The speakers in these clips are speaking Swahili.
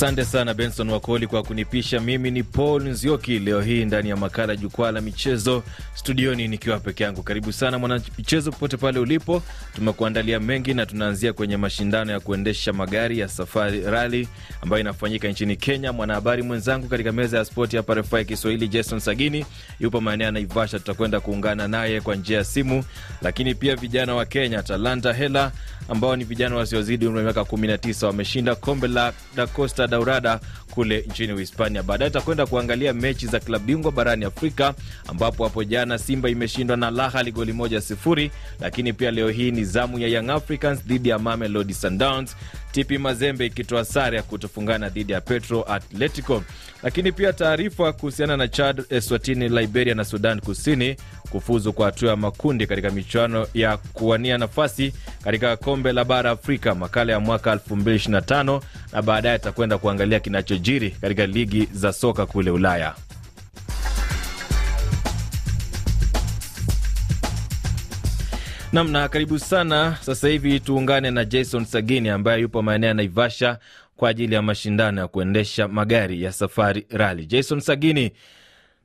Asante sana Benson Wakoli kwa kunipisha. Mimi ni Paul Nzioki, leo hii ndani ya makala Jukwaa la Michezo, studioni nikiwa peke yangu. Karibu sana mwanamichezo, popote pale ulipo, tumekuandalia mengi na tunaanzia kwenye mashindano ya kuendesha magari ya Safari Rali ambayo inafanyika nchini Kenya. Mwanahabari mwenzangu katika meza ya spoti hapa RFI Kiswahili, Jason Sagini, yupo maeneo ya Naivasha. Tutakwenda kuungana naye kwa njia ya simu, lakini pia vijana wa Kenya, Talanta Hela ambao ni vijana wasiozidi umri wa miaka 19 wameshinda kombe la Dacosta urada urada kule nchini Uhispania. Baadaye takwenda kuangalia mechi za klabu bingwa barani Afrika, ambapo hapo jana Simba imeshindwa na lahali goli moja sifuri, lakini pia leo hii ni zamu ya Young Africans dhidi ya Mamelodi Sundowns, TP Mazembe ikitoa sare ya kutofungana dhidi ya Petro Atletico. Lakini pia taarifa kuhusiana na Chad, Eswatini, Liberia na Sudan Kusini kufuzu kwa hatua ya makundi katika michuano ya kuwania nafasi katika kombe la bara Afrika makala ya mwaka na baadaye atakwenda kuangalia kinachojiri katika ligi za soka kule Ulaya. Namna karibu sana. Sasa hivi tuungane na Jason Sagini ambaye yupo maeneo ya Naivasha kwa ajili ya mashindano ya kuendesha magari ya safari rali. Jason Sagini,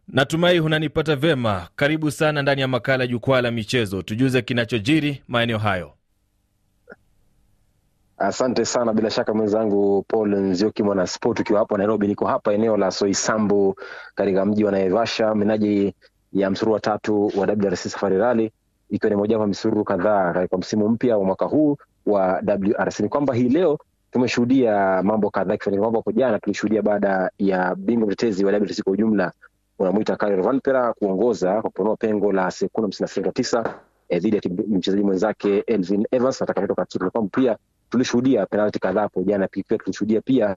natumai unanipata vema. Karibu sana ndani ya makala Jukwaa la Michezo, tujuze kinachojiri maeneo hayo. Asante sana bila shaka mwenzangu Paul Nzioki, mwana sport, ukiwa hapo Nairobi. Niko hapa eneo la Soisambu katika mji wa Naivasha, minaji ya msururu wa tatu wa WRC Safari Rally, ikiwa ni mojawapo misururu kadhaa katika msimu mpya wa mwaka huu wa WRC. Ni kwamba hii leo tumeshuhudia mambo kadhaa kifanyika, kwamba hapo jana tulishuhudia baada ya bingwa mtetezi wa WRC kwa ujumla unamwita Karel Vanpera kuongoza kwa kuponoa pengo la sekunde hamsini na tisa eh, dhidi ya mchezaji mwenzake Elvin Evans atakapotoka pia tulishuhudia penalti kadhaa hapo jana, pia tulishuhudia pia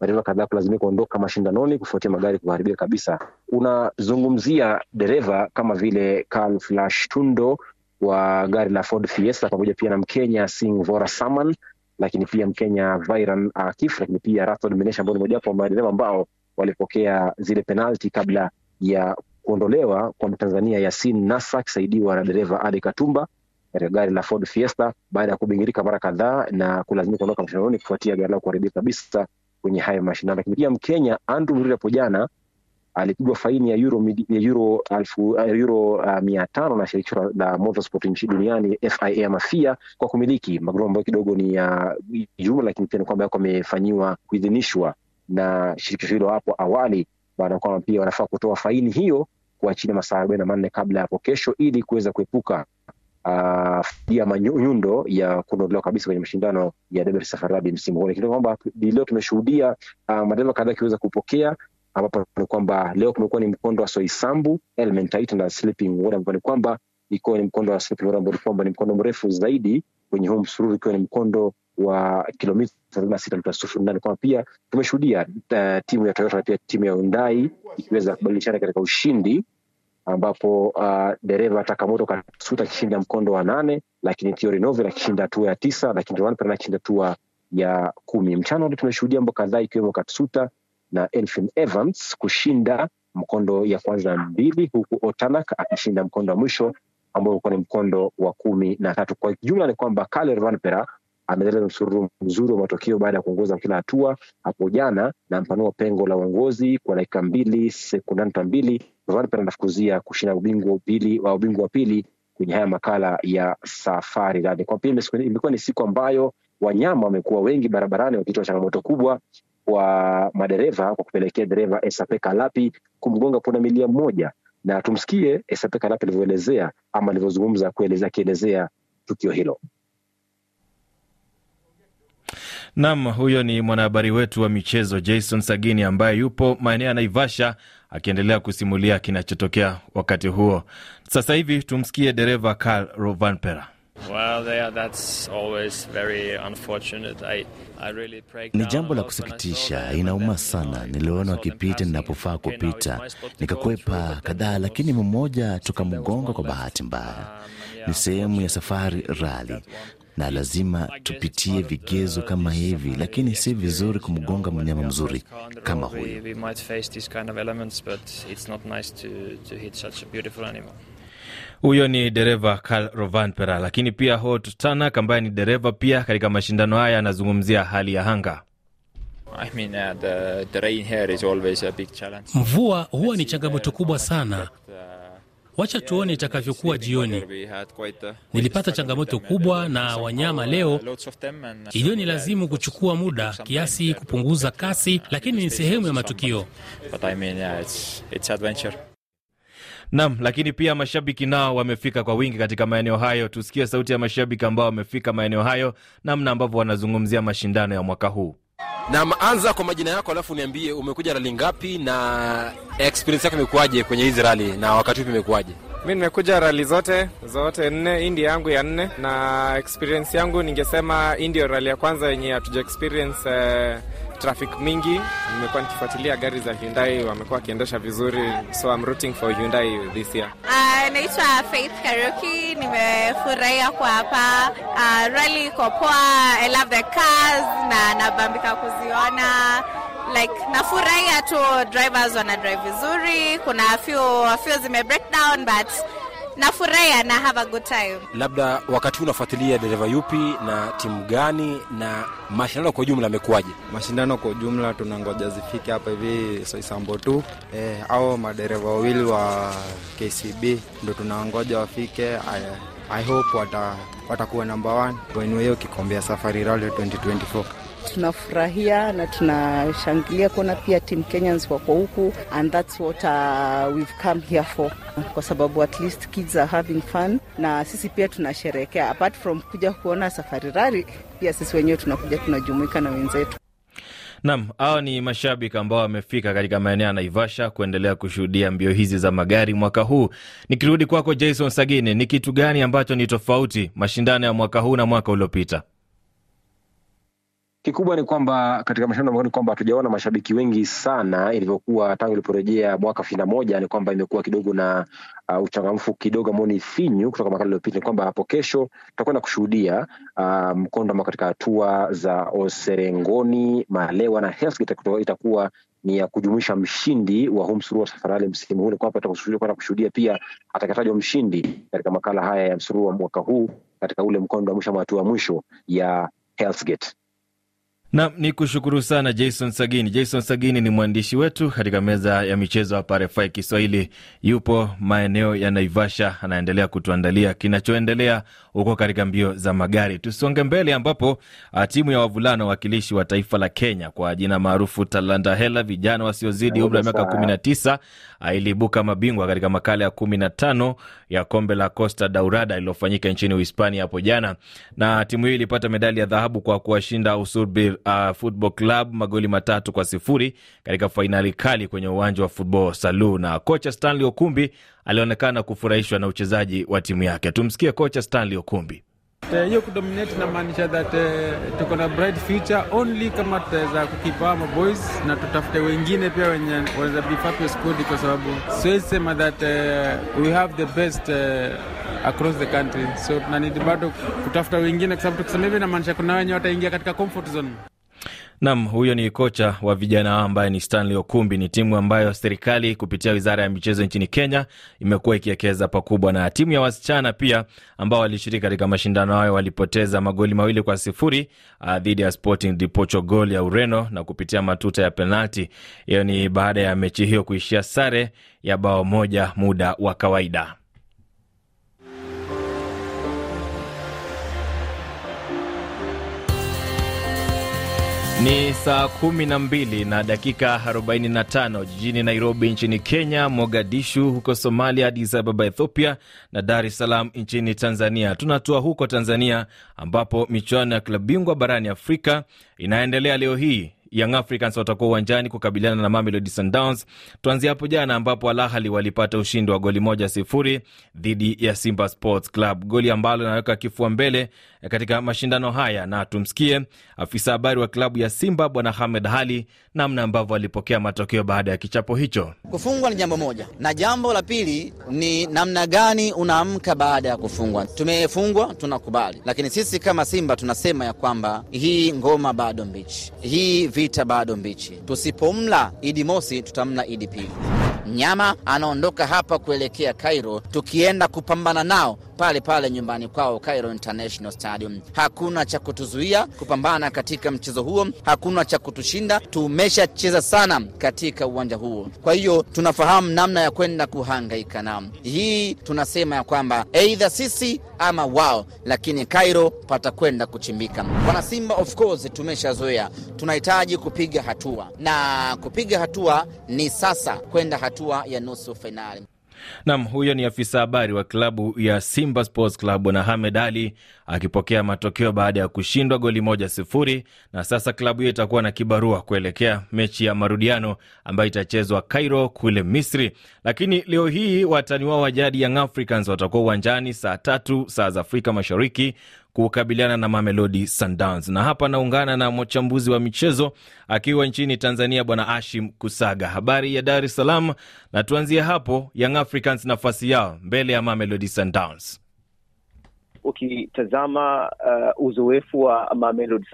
madereva kadhaa kulazimika kuondoka mashindanoni kufuatia magari kuharibika kabisa. Unazungumzia dereva kama vile Karl Flash Tundo wa gari la Ford Fiesta pamoja pia na Mkenya Sing Vora Saman, lakini pia Mkenya Viran Akif, lakini pia Ratod Menesha ambao ni mojawapo wa madereva ambao walipokea zile penalti kabla ya kuondolewa kwa Mtanzania Yasin Nasa akisaidiwa na dereva Ade Katumba katika gari la Ford Fiesta baada ya kubingirika mara kadhaa na kulazimika kuondoka mashindano kufuatia gari lao kuharibika kabisa kwenye haya mashindano. Lakini pia Mkenya Andrew Murira hapo jana alipigwa faini ya euro, ya euro, alfu, euro uh, mia tano na shirikisho la motorsport nchi duniani FIA mafia kwa kumiliki magari ambayo kidogo ni ya uh, jumla, lakini pia ni kwamba yako amefanyiwa kuidhinishwa na shirikisho hilo hapo awali, baada ya kwamba pia wanafaa kutoa faini hiyo kwa chini masaa arobaini na manne kabla ya hapo kesho ili kuweza kuepuka Ah, ya manyundo ya kuondolewa kabisa kwenye mashindano ya Dabe Safari Rally msimu huu, lakini kwamba leo tumeshuhudia uh, ah, madereva kadhaa akiweza kupokea ambapo ni kwamba leo kumekuwa ni mkondo wa Soisambu, Elementaita na Sleeping World ambao ni kwamba ikiwa ni mkondo wa Sleeping World ambao ni kwamba ni mkondo mrefu zaidi kwenye huu msururu ikiwa ni mkondo wa kilomita thelathini na sita nukta sufuri nane kwamba pia tumeshuhudia uh, timu ya Toyota na pia timu ya Hyundai ikiweza kubadilishana katika ushindi ambapo uh, dereva Takamoto Katsuta akishinda mkondo wa nane, lakini Thierry akishinda hatua ya tisa, lakini Rohan akishinda hatua ya kumi. Mchana wote tumeshuhudia mambo kadhaa ikiwemo Katsuta na Elfin Evans kushinda mkondo ya kwanza na mbili, huku Otanak akishinda mkondo wa mwisho ambao ulikuwa ni mkondo wa kumi na tatu. Kwa jumla ni kwamba Kale rvanpera ameleta msururu mzuri wa matokeo baada ya kuongoza kila hatua hapo jana na mpanua pengo la uongozi kwa dakika mbili sekunda nta mbili. Verstappen anafukuzia kushinda ubingwa wa pili kwenye haya makala ya Safari ndani Kwa pili, imekuwa ni siku ambayo wanyama wamekuwa wengi barabarani wakitoa changamoto kubwa kwa madereva kwa kupelekea dereva sap Kalapi kumgonga punda milia mmoja, na tumsikie sap Kalapi alivyoelezea ama alivyozungumza kuelezea akielezea tukio hilo. Nam, huyo ni mwanahabari wetu wa michezo Jason Sagini ambaye yupo maeneo ya Naivasha akiendelea kusimulia kinachotokea wakati huo. Sasa hivi tumsikie dereva Karl Rovanpera. Well, I, I really ni jambo la kusikitisha, inauma sana. Niliona wakipita ninapofaa kupita, nikakwepa kadhaa, lakini mmoja tukamgonga kwa bahati mbaya. Um, ni sehemu ya safari rali, na lazima tupitie vigezo kama hivi, lakini si vizuri kumgonga mnyama mzuri kama huyu. Huyo ni dereva Karl rovan pera lakini pia Hot Tanak ambaye ni dereva pia katika mashindano haya anazungumzia hali ya anga. I mean, uh, the, the rain here is always a big challenge. Mvua huwa ni changamoto kubwa sana Wacha tuone itakavyokuwa jioni. Nilipata changamoto kubwa na wanyama leo. Hivyo ni lazimu kuchukua muda kiasi kupunguza kasi, lakini ni sehemu ya matukio. nam lakini pia mashabiki nao wamefika kwa wingi katika maeneo hayo. Tusikie sauti ya mashabiki ambao wamefika maeneo hayo, namna ambavyo wanazungumzia mashindano ya mwaka huu. Naam, anza kwa majina yako alafu niambie umekuja rali ngapi na experience yako imekuwaje kwenye hizi rali na wakati upi imekuwaje? Mi nimekuja rali zote zote nne, hii ndio yangu ya nne, na experience yangu ningesema hii ndio rali ya kwanza yenye hatuja experience eh, traffic mingi. Nimekuwa nikifuatilia gari za Hyundai, wamekuwa wakiendesha vizuri, so I'm rooting for Hyundai this year. Uh, naitwa Faith Karuki, nimefurahia kwa hapa. Uh, ah, rali iko poa, I love the cars na nabambika kuziona Nafurahia tu drivers wana drive vizuri, kuna few, few zime breakdown but nafurahia na have a good time. Labda wakati huu unafuatilia dereva yupi na timu gani, na mashindano kwa ujumla amekuwaje Mashindano kwa ujumla tunangoja zifike hapa hivi Soisambo tu eh, au madereva wawili wa KCB ndo tunawangoja wafike. I, I hope watakuwa wata namba 1 wenye hiyo kikombe ya Safari Rally 2024 tunafurahia na tunashangilia kuona pia Team Kenyans wako huku and that's what uh, we've come here for, kwa sababu at least kids are having fun na sisi pia tunasherekea, apart from kuja kuona safari rari, pia sisi wenyewe tunakuja tunajumuika na wenzetu. Nam, hawa ni mashabiki ambao wamefika katika maeneo ya Naivasha kuendelea kushuhudia mbio hizi za magari mwaka huu. Nikirudi kwako Jason Sagine, ni kitu gani ambacho ni tofauti mashindano ya mwaka huu na mwaka uliopita? Kikubwa ni kwamba katika mashindano ni kwamba hatujaona mashabiki wengi sana ilivyokuwa tangu iliporejea mwaka ishirini na moja, ni kwamba imekuwa kidogo na uh, uchangamfu kidogo ambao ni finyu kutoka mwaka iliyopita. Ni kwamba hapo kesho tutakwenda kushuhudia uh, mkondo ambao katika hatua za Oserengoni, Malewa na Hellsgate itakuwa ni ya kujumuisha mshindi wa huu safarali msimu huu. Ni kwamba tutakwenda kushuhudia pia atakayetajwa mshindi katika makala haya ya msururu mwaka huu katika ule mkondo wa mwisho wa hatua mwisho ya Hellsgate. Nam ni kushukuru sana Jason Sagini. Jason Sagini ni mwandishi wetu katika meza ya michezo hapa RFI Kiswahili, yupo maeneo ya Naivasha, anaendelea kutuandalia kinachoendelea huko katika mbio za magari. Tusonge mbele, ambapo ah, timu ya wavulana wawakilishi wa taifa la Kenya kwa jina maarufu Talanta Hela, vijana wasiozidi umri wa miaka kumi na tisa, ah, iliibuka mabingwa katika makala ya kumi na tano ya kombe la Costa Daurada lililofanyika nchini Uhispania hapo jana, na timu hiyo ilipata medali ya dhahabu kwa kuwashinda Usurbir uh, Football Club magoli matatu kwa sifuri katika fainali kali kwenye uwanja wa Football Salu, na kocha Stanley Okumbi alionekana kufurahishwa na uchezaji wa timu yake. Tumsikie kocha Stanley Okumbi. Eh, hiyo kudominate inamaanisha that uh, tuko na bright future only kama tutaweza kukipa ama boys na tutafute wengine pia wenye wanaweza be up squad, kwa sababu siwezi sema that uh, we have the best uh, across the country, so tunanidi bado kutafuta wengine, kwa sababu tukisema hivi namaanisha kuna wenye wataingia katika comfort zone. Nam, huyo ni kocha wa vijana ambaye ni Stanley Okumbi. Ni timu ambayo serikali kupitia wizara ya michezo nchini Kenya imekuwa ikiekeza pakubwa, na timu ya wasichana pia ambao walishiriki katika mashindano hayo walipoteza magoli mawili kwa sifuri ah, dhidi ya Sporting de ya Ureno na kupitia matuta ya penalti. Hiyo ni baada ya mechi hiyo kuishia sare ya bao moja muda wa kawaida. Ni saa 12 na dakika 45 jijini Nairobi nchini Kenya, Mogadishu huko Somalia, Adis Ababa Ethiopia na Dar es Salaam nchini Tanzania. Tunatua huko Tanzania ambapo michuano ya klabu bingwa barani Afrika inaendelea leo hii Young Africans watakuwa uwanjani kukabiliana na Mamelodi Sundowns. Tuanzia hapo jana ambapo Al Ahly walipata ushindi wa goli moja sifuri dhidi ya Simba Sports Club, goli ambalo linaweka kifua mbele katika mashindano haya, na tumsikie afisa habari wa klabu ya Simba Bwana Hamed Hali namna ambavyo alipokea matokeo baada ya kichapo hicho. Kufungwa ni jambo moja, na jambo la pili ni namna gani unaamka baada ya kufungwa. Tumefungwa, tunakubali, lakini sisi kama Simba tunasema ya kwamba hii ngoma bado mbichi, hii vita bado mbichi. Tusipomla Idi mosi, tutamla Idi pili. Mnyama anaondoka hapa kuelekea Kairo, tukienda kupambana nao pale pale nyumbani kwao Cairo International Stadium. Hakuna cha kutuzuia kupambana katika mchezo huo, hakuna cha kutushinda. Tumeshacheza sana katika uwanja huo, kwa hiyo tunafahamu namna ya kwenda kuhangaika nao. Hii tunasema ya kwamba eidha sisi ama wao, lakini Cairo patakwenda kuchimbika. Simba, of course tumeshazoea, tunahitaji kupiga hatua na kupiga hatua ni sasa kwenda hatua ya nusu fainali. Nam, huyo ni afisa habari wa klabu ya Simba Sports Club na Hamed Ali akipokea matokeo baada ya kushindwa goli moja sifuri, na sasa klabu hiyo itakuwa na kibarua kuelekea mechi ya marudiano ambayo itachezwa Cairo kule Misri. Lakini leo hii watani wao wa jadi Young Africans watakuwa uwanjani saa tatu saa za Afrika Mashariki kukabiliana na Mamelodi Sundowns. Na hapa naungana na mchambuzi wa michezo akiwa nchini Tanzania, Bwana Ashim Kusaga. Habari ya Dar es Salaam, na tuanzie hapo. Young Africans nafasi yao mbele ya Mamelodi Sundowns ukitazama uh, uzoefu wa Mamelodi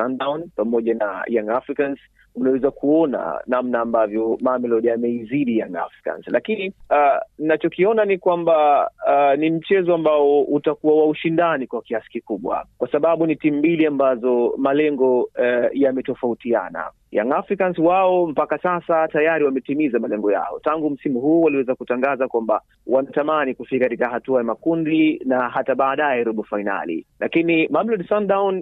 pamoja na Young Africans unaweza kuona namna ambavyo Mamelodi ameizidi Young Africans, lakini uh, nachokiona ni kwamba uh, ni mchezo ambao utakuwa wa ushindani kwa kiasi kikubwa, kwa sababu ni timu mbili ambazo malengo uh, yametofautiana. Young Africans wao mpaka sasa tayari wametimiza malengo yao. Tangu msimu huu waliweza kutangaza kwamba wanatamani kufika katika hatua ya makundi na hata baadaye robo fainali, lakini Mamelodi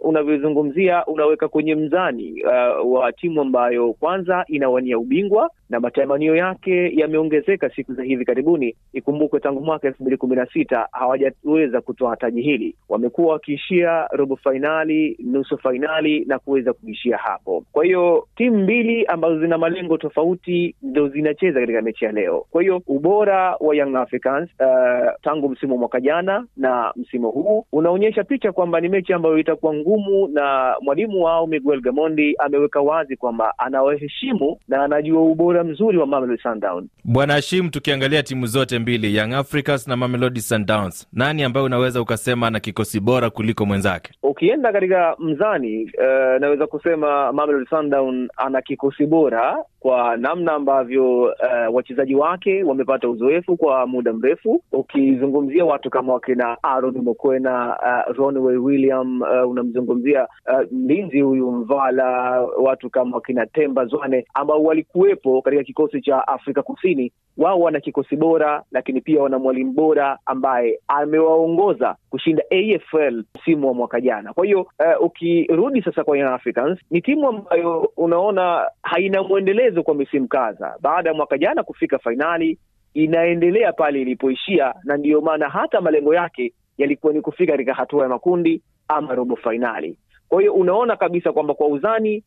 unavyozungumzia, unaweka kwenye mzani uh, wa timu ambayo kwanza inawania ubingwa na matamanio yake yameongezeka siku za hivi karibuni. Ikumbukwe tangu mwaka elfu mbili kumi na sita hawajaweza kutoa taji hili, wamekuwa wakiishia robo fainali, nusu fainali na kuweza kuishia hapo. Kwa hiyo timu mbili ambazo zina malengo tofauti ndo zinacheza katika mechi ya leo. Kwa hiyo ubora wa Young Africans uh, tangu msimu mwaka jana na msimu huu unaonyesha picha kwamba ni mechi ambayo itakuwa ngumu, na mwalimu wao Miguel Gamondi ameweka wazi kwamba anawaheshimu na anajua ubora mzuri wa Mamelodi Sundowns. Bwana Hashim, tukiangalia timu zote mbili Young Africans na Mamelodi Sundowns, nani ambayo unaweza ukasema na kikosi bora kuliko mwenzake? Ukienda katika mzani uh, naweza kusema Mamelodi Sundowns ana kikosi bora kwa namna ambavyo uh, wachezaji wake wamepata uzoefu kwa muda mrefu. Ukizungumzia watu kama wakina aron Mokwena, uh, eh, Ronway William, uh, unamzungumzia mlinzi uh, huyu Mvala, watu kama wakina Temba Zwane ambao walikuwepo katika kikosi cha Afrika Kusini. Wao wana kikosi bora, lakini pia wana mwalimu bora ambaye amewaongoza kushinda AFL msimu wa mwaka jana. Kwa hiyo uh, ukirudi sasa kwa Africans ni timu ambayo una tunaona haina mwendelezo kwa misimu kadha. Baada ya mwaka jana kufika fainali, inaendelea pale ilipoishia, na ndiyo maana hata malengo yake yalikuwa ni kufika katika hatua ya makundi ama robo fainali. Kwa hiyo unaona kabisa kwamba kwa uzani,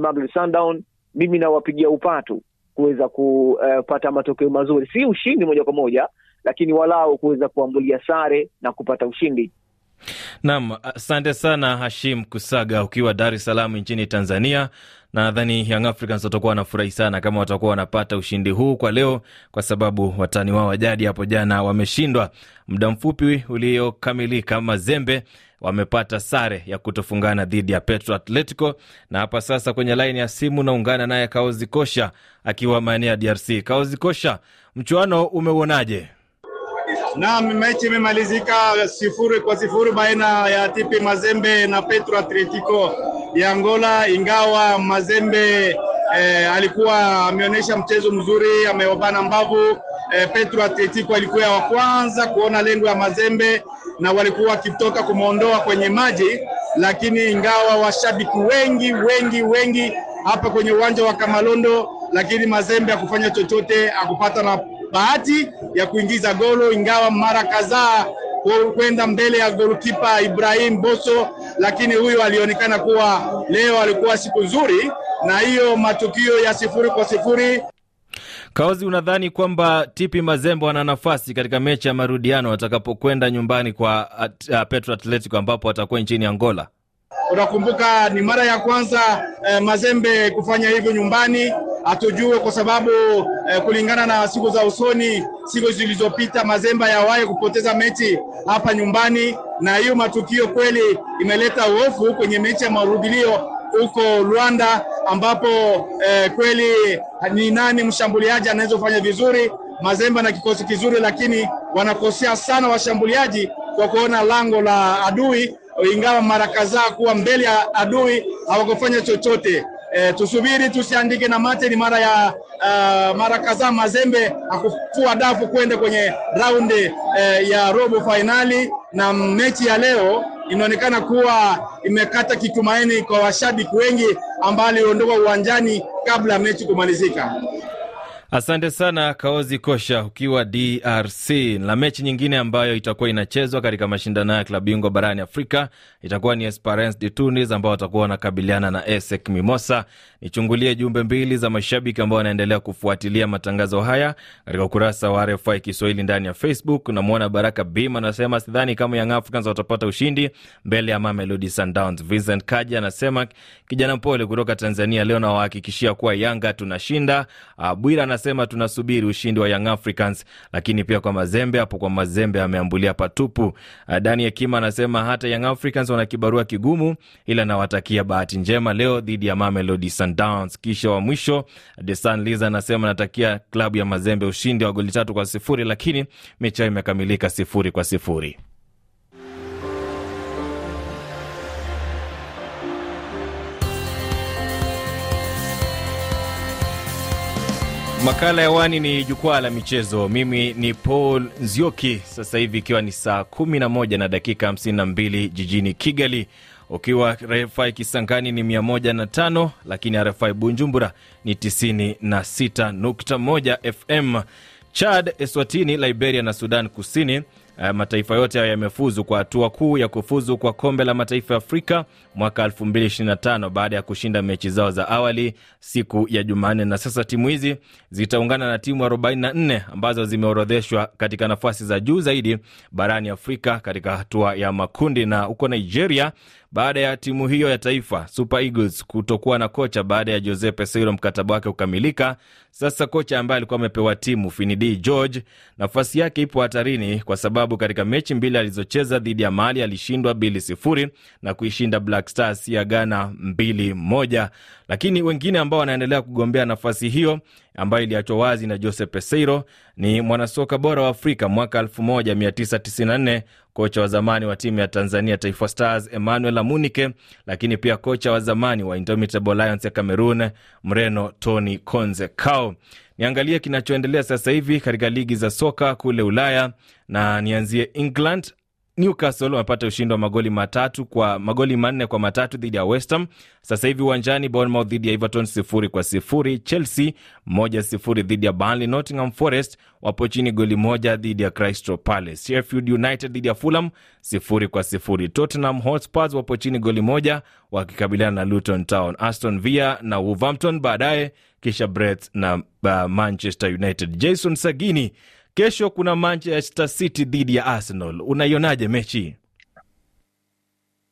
uh, sundown mimi nawapigia upatu kuweza kupata matokeo mazuri, si ushindi moja kwa moja, lakini walau kuweza kuambulia sare na kupata ushindi Nam, asante sana Hashim Kusaga ukiwa Dar es Salaam nchini Tanzania. Nadhani Young Africans watakuwa wanafurahi sana kama watakuwa wanapata ushindi huu kwa leo, kwa sababu watani wao wajadi hapo jana wameshindwa. Muda mfupi uliokamilika, Mazembe wamepata sare ya kutofungana dhidi ya Petro Atletico, na hapa sasa kwenye laini ya simu naungana naye Kaozi Kosha akiwa maeneo ya DRC. Kaozi Kosha, mchuano umeuonaje? Naam, mechi imemalizika sifuri kwa sifuri baina ya TP Mazembe na Petro Atletico ya Angola, ingawa Mazembe eh, alikuwa ameonyesha mchezo mzuri, amewabana mbavu eh, Petro Atletico alikuwa wa kwanza kuona lengo ya Mazembe na walikuwa wakitoka kumwondoa kwenye maji, lakini ingawa washabiki wengi wengi wengi hapa kwenye uwanja wa Kamalondo, lakini Mazembe hakufanya chochote, akupata na bahati ya kuingiza golo, ingawa mara kadhaa kwenda mbele ya golikipa Ibrahim Boso, lakini huyo alionekana kuwa leo alikuwa siku nzuri, na hiyo matukio ya sifuri kwa sifuri. Kaozi, unadhani kwamba tipi Mazembe ana nafasi katika mechi ya marudiano watakapokwenda nyumbani kwa uh, Petro Atletico ambapo atakuwa nchini Angola? unakumbuka ni mara ya kwanza eh, Mazembe kufanya hivyo nyumbani, hatujue kwa sababu eh, kulingana na siku za usoni, siku zilizopita Mazembe yawahi kupoteza mechi hapa nyumbani, na hiyo matukio kweli imeleta hofu kwenye mechi ya marudilio huko Rwanda, ambapo eh, kweli ni nani mshambuliaji anaweza kufanya vizuri. Mazembe na kikosi kizuri, lakini wanakosea sana washambuliaji kwa kuona lango la adui ingawa mara kadhaa kuwa mbele ya adui hawakufanya chochote. E, tusubiri tusiandike na mate. Ni mara ya uh, mara kadhaa Mazembe akufua dafu kwenda kwenye raundi uh, e, ya robo fainali, na mechi ya leo inaonekana kuwa imekata kitumaini kwa washabiki wengi ambao waliondoka uwanjani kabla ya mechi kumalizika. Asante sana Kaozi Kosha ukiwa DRC. Na mechi nyingine ambayo itakuwa inachezwa katika mashindano ya klabu bingwa barani Afrika itakuwa ni Esperance de Tunis ambao watakuwa wanakabiliana na ASEC Mimosa. Nichungulie jumbe mbili za mashabiki ambao wanaendelea kufuatilia matangazo haya katika ukurasa wa RFI Kiswahili ndani ya Facebook. Namwona Baraka Bima anasema sidhani kama Young Africans watapata ushindi mbele ya Mamelodi Sundowns. Vincent Kaji anasema kijana mpole kutoka Tanzania, leo nawahakikishia kuwa Yanga tunashinda. Ah, Bwira anasema tunasubiri ushindi wa Young Africans, lakini pia kwa Mazembe hapo, kwa Mazembe ameambulia patupu. Uh, Dani Hekima anasema hata Young Africans wana kibarua kigumu, ila nawatakia bahati njema leo dhidi ya Mamelodi Sundowns. Kisha wa mwisho Desan Liza anasema natakia klabu ya Mazembe ushindi wa goli tatu kwa sifuri, lakini mechi imekamilika sifuri kwa sifuri. Makala ya wani ni jukwaa la michezo. Mimi ni Paul Nzioki, sasa hivi ikiwa ni saa 11 na dakika 52 jijini Kigali, ukiwa RFI Kisangani ni 15 lakini RFI Bunjumbura ni 96.1 FM. Chad, Eswatini, Liberia na Sudan Kusini Eh, mataifa yote hayo yamefuzu kwa hatua kuu ya kufuzu kwa kombe la mataifa ya Afrika mwaka 2025 baada ya kushinda mechi zao za awali siku ya Jumanne, na sasa timu hizi zitaungana na timu 44 ambazo zimeorodheshwa katika nafasi za juu zaidi barani Afrika katika hatua ya makundi, na huko Nigeria baada ya timu hiyo ya taifa Super Eagles kutokuwa na kocha baada ya Jose Peseiro mkataba wake kukamilika. Sasa kocha ambaye alikuwa amepewa timu Finidi George, nafasi yake ipo hatarini kwa sababu katika mechi mbili alizocheza dhidi ya Mali alishindwa mbili sifuri na kuishinda Black Stars ya Ghana mbili moja, lakini wengine ambao wanaendelea kugombea nafasi hiyo ambayo iliachwa wazi na Jose Peseiro ni mwanasoka bora wa Afrika mwaka 1994, kocha wa zamani wa timu ya Tanzania Taifa Stars Emmanuel Amunike, lakini pia kocha wa zamani wa Indomitable Lions ya Cameroon Mreno Tony Konze Kao. Niangalie kinachoendelea sasa hivi katika ligi za soka kule Ulaya na nianzie England Newcastle wamepata ushindi wa magoli matatu kwa magoli manne kwa matatu dhidi ya westham Sasa hivi uwanjani Bournemouth dhidi ya Everton sifuri kwa sifuri, Chelsea moja sifuri dhidi ya Burnley, Nottingham Forest wapo chini goli moja dhidi ya Crystal Palace, Sheffield United dhidi ya Fulham sifuri kwa sifuri, Tottenham Hotspurs wapo chini goli moja wakikabiliana na Luton Town, Aston Villa na Wolverhampton baadaye, kisha Brett na uh, Manchester United. Jason Sagini Kesho kuna Manchester City dhidi ya Arsenal, unaionaje mechi?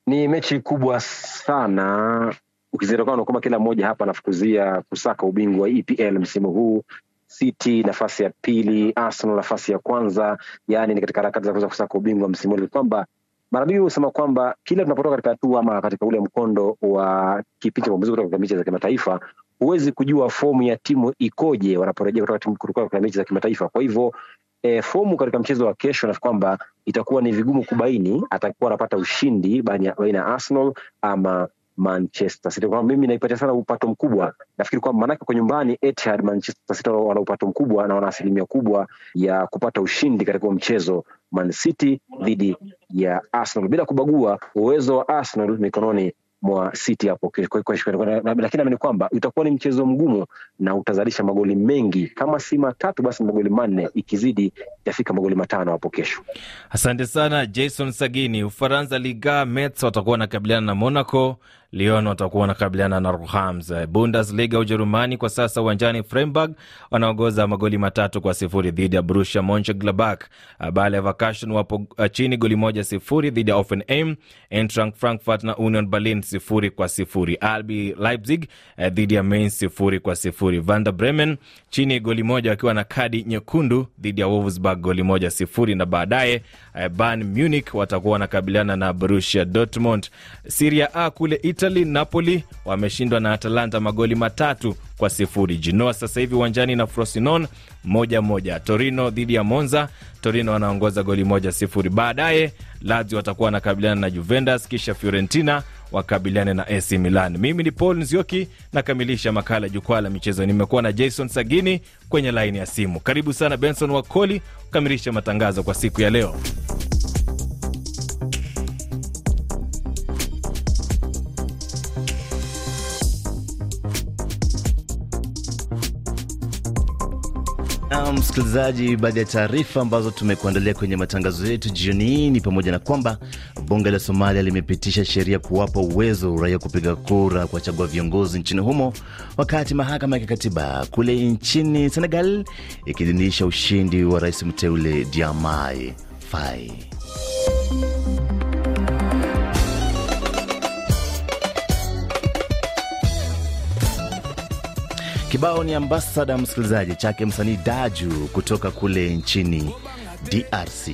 Ni mechi kubwa sana ukizitokana kwamba kila mmoja hapa anafukuzia kusaka ubingwa wa EPL msimu huu. City nafasi ya pili, Arsenal nafasi ya kwanza, yani ni katika harakati za kuweza kusaka ubingwa msimu huu, kwamba mara nyingi husema kwamba kila tunapotoka katika hatua ama katika ule mkondo wa kipindi cha mapumziko kutoka katika mechi za kimataifa huwezi kujua fomu ya timu ikoje wanaporejea kutoka timu kutoka katika mechi za kimataifa. Kwa hivyo e, fomu katika mchezo wa kesho nafikiri kwamba itakuwa ni vigumu kubaini atakuwa anapata ushindi baina ya Arsenal ama Manchester City. Kwa mimi naipatia sana upato mkubwa, nafikiri kwamba maanake kwa nyumbani Etihad, Manchester City wana upato mkubwa na wana asilimia kubwa ya kupata ushindi katika mchezo Man City dhidi ya Arsenal, bila kubagua uwezo wa Arsenal mikononi mwa City hapo lakini amini kwamba utakuwa ni mchezo mgumu na utazalisha magoli mengi, kama si matatu basi magoli manne, ikizidi itafika magoli matano hapo kesho. Asante sana Jason Sagini. Ufaransa, Liga Mets watakuwa wanakabiliana na Monaco. Lyon watakuwa wanakabiliana na Ruhams. Bundesliga Ujerumani kwa sasa uwanjani Freiburg wanaongoza magoli matatu kwa sifuri dhidi ya Borussia Monchengladbach. Bayer Leverkusen wapo uh, chini goli moja sifuri dhidi ya Hoffenheim. Eintracht Frankfurt na Union Berlin sifuri kwa sifuri. RB Leipzig uh, dhidi ya Mainz sifuri kwa sifuri. Werder Bremen chini goli moja wakiwa na kadi nyekundu dhidi ya Wolfsburg goli moja sifuri, na baadaye uh, Bayern Munich watakuwa wanakabiliana na Borussia Dortmund. Serie A kule Italy, Napoli wameshindwa na Atalanta magoli matatu kwa sifuri. Jinoa sasa hivi uwanjani na Frosinone moja moja. Torino dhidi ya Monza, Torino wanaongoza goli moja sifuri. Baadaye Lazio watakuwa wanakabiliana na Juventus, kisha Fiorentina wakabiliane na AC Milan. Mimi ni Paul Nzioki, nakamilisha makala jukwaa la michezo. Nimekuwa na Jason Sagini kwenye laini ya simu. Karibu sana Benson Wakoli kukamilisha matangazo kwa siku ya leo. msikilizaji, baadhi ya taarifa ambazo tumekuandalia kwenye matangazo yetu jioni hii ni pamoja na kwamba bunge la Somalia limepitisha sheria kuwapa uwezo raia kupiga kura kuwachagua viongozi nchini humo, wakati mahakama ya kikatiba kule nchini Senegal ikidinisha ushindi wa rais mteule Diomaye Faye. Kibao ni ambasada msikilizaji, chake msanii Daju kutoka kule nchini DRC.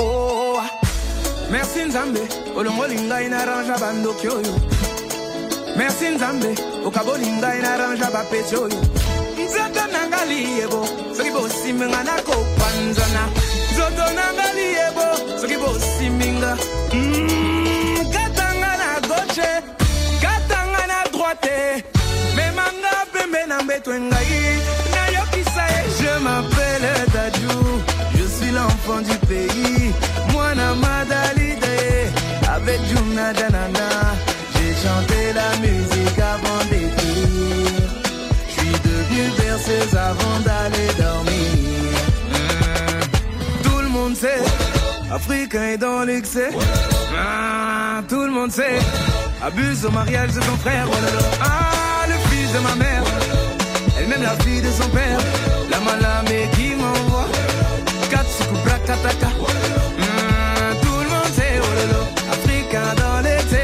Oh, merci nzambe olongoli ngai oyo merci nzambe okaboli ngai oyo nzoto soki nzoto soki mm. marche katanga na droite memanga pembe na mbeto engai nayokisa ye je m'appelle dadou je suis l'enfant du pays Moi mwana madalide avec jumna danana j'ai chanté la musique avant d'écrire je suis devenu berceuse avant Afrique est dans l'excès. Ah, tout le monde sait. Abuse au mariage de son frère. Oh ah, le fils de ma mère. Elle même la fille de son père. La malamé qui m'envoie. Katsikou brakataka. Ah, tout le monde sait. Oh Afrique dans l'été.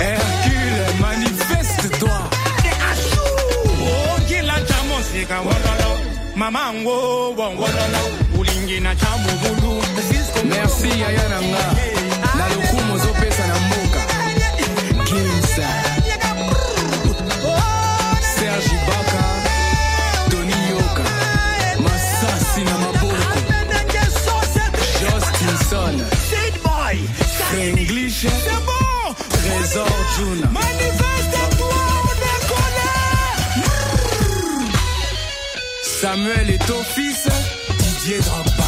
Elle arrive, manifeste-toi. Oh, qui la jambe c'est quoi? Maman wo ulingi na chamu Merci Ayana nga na lokumu zopesa na mboka Kinsa Serge Baka Tony Yoka Masasi na maboko Justinson Frenglish Trésor Juna Mani Samuel est ton fils, Didier Drapa.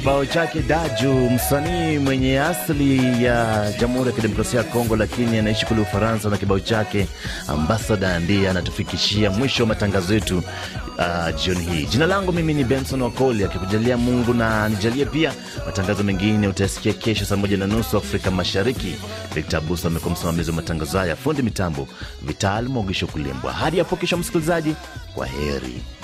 Kibao chake Daju, msanii mwenye asili ya Jamhuri ya Kidemokrasia ya Kongo lakini anaishi kule Ufaransa, na kibao chake Ambasada ndiye anatufikishia mwisho wa matangazo yetu uh, jioni hii. Jina langu mimi ni Benson Wakoli, akikujalia Mungu na nijalie pia. Matangazo mengine utayasikia kesho saa moja na nusu Afrika Mashariki. Victor Buso amekuwa msimamizi wa matangazo haya, fundi mitambo Vital Mogisho Kulembwa. Hadi hapo kesho, msikilizaji, kwa heri.